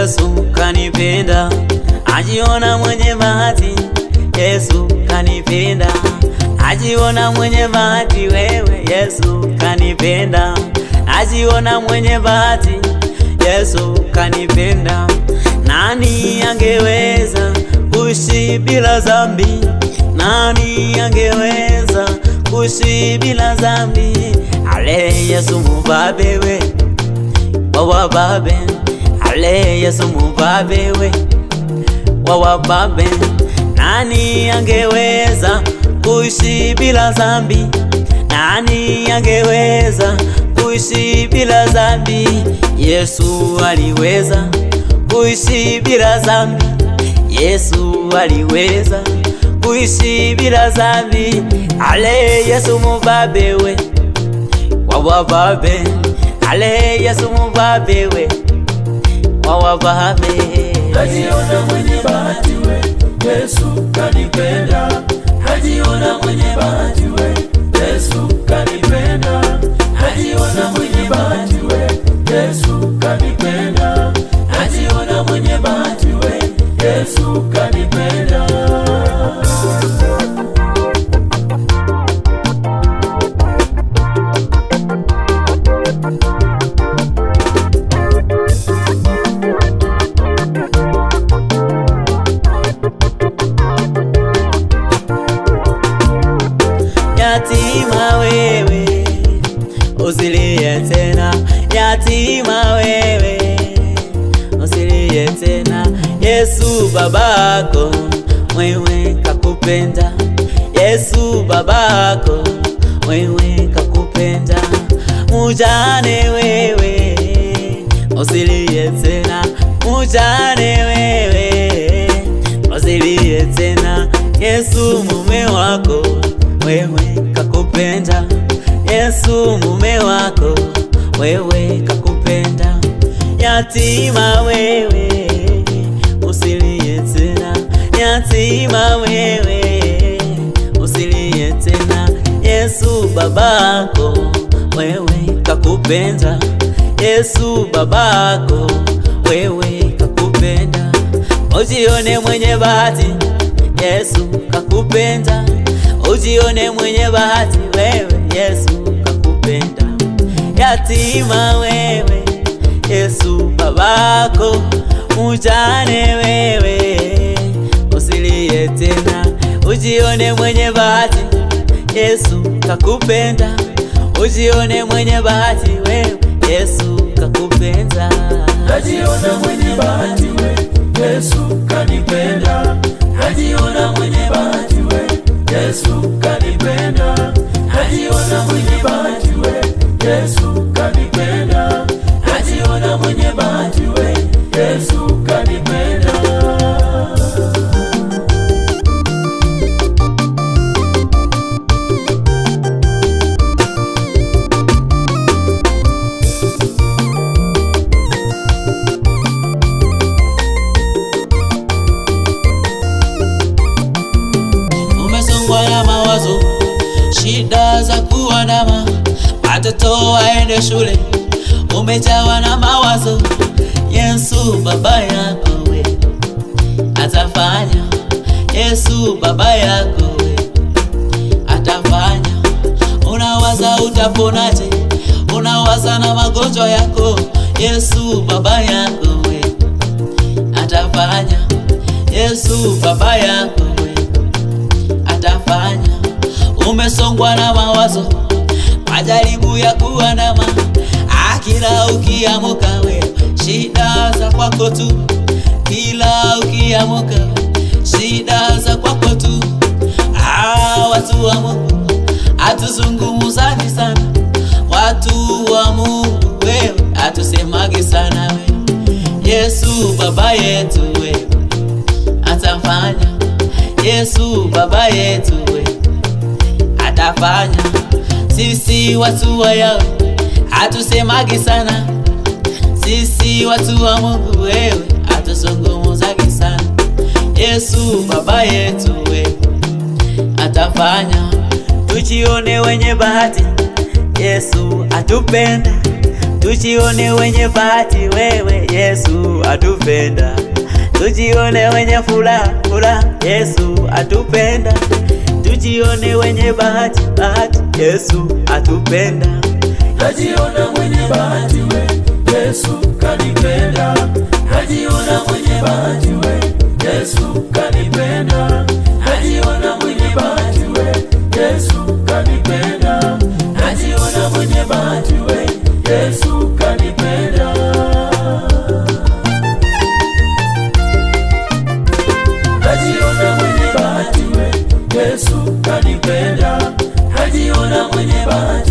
Yesu kanipenda, ajiona mwenye bahati. Yesu kanipenda, ajiona mwenye bahati. Wewe Yesu kanipenda, ajiona mwenye bahati. Yesu kanipenda. Nani angeweza kuishi bila dhambi? Nani angeweza kuishi bila dhambi? Ale Yesu mubabe we wawababe wale Yesu mubabewe wawababe, nani angeweza kuishi bila zambi? Nani angeweza kuishi bila zambi? Yesu aliweza kuishi bila zambi. Yesu aliweza kuishi bila zambi. Ale Yesu mubabewe wawababe, ale Yesu mubabewe we wawavame. Najiona mwenye bahati we, Yesu kanipenda. hajiona mwenye bahati we tena. Yesu babako wewe kakupenda, Yesu babako wewe kakupenda. Mujane wewe usilie tena, mujane wewe usilie tena. Yesu mume wako wewe kakupenda, Yesu mume wako wewe kakupenda. Yatima wewe daima wewe, usilie tena. Yesu babako wewe kakupenda, Yesu babako wewe kakupenda. Ujione mwenye bahati, Yesu kakupenda. Ujione mwenye bahati wewe, Yesu kakupenda. Yatima wewe, Yesu babako, mujane wewe Ujione mwenye bahati, Yesu kakupenda. Ujione mwenye bahati, wewe Yesu kakupenda. Ujione mwenye bahati shida za kuandama, watoto waende shule, umejawa na mawazo. Yesu baba yako we atafanya, Yesu baba yako we atafanya. Unawaza utaponaje? Unawaza na magonjwa yako, Yesu baba yako we atafanya, Yesu baba yako we atafanya umesongwa na mawazo, majaribu ya kuandama, akila ukiamuka we shida za kwako tu, kila ukiamuka shida za kwako tu. Ah, watu wa Mungu hatuzungumuzani sana, watu wa Mungu wewe hatusemagi sana we. Yesu baba yetu we atafanya, Yesu baba yetu we atafanya. Sisi watu wa Yahweh hatusemagi sana, sisi watu wa Mungu wewe hatuzungumuzagi sana. Yesu baba yetu we atafanya, tuchione wenye bahati, Yesu atupenda. tuchione wenye bahati, wewe Yesu atupenda. tuchione wenye fula furaha, Yesu atupenda tujione wenye bahati bahati, Yesu atupenda. Najiona mwenye bahati we, Yesu kanipenda. Najiona mwenye bahati we, Yesu much.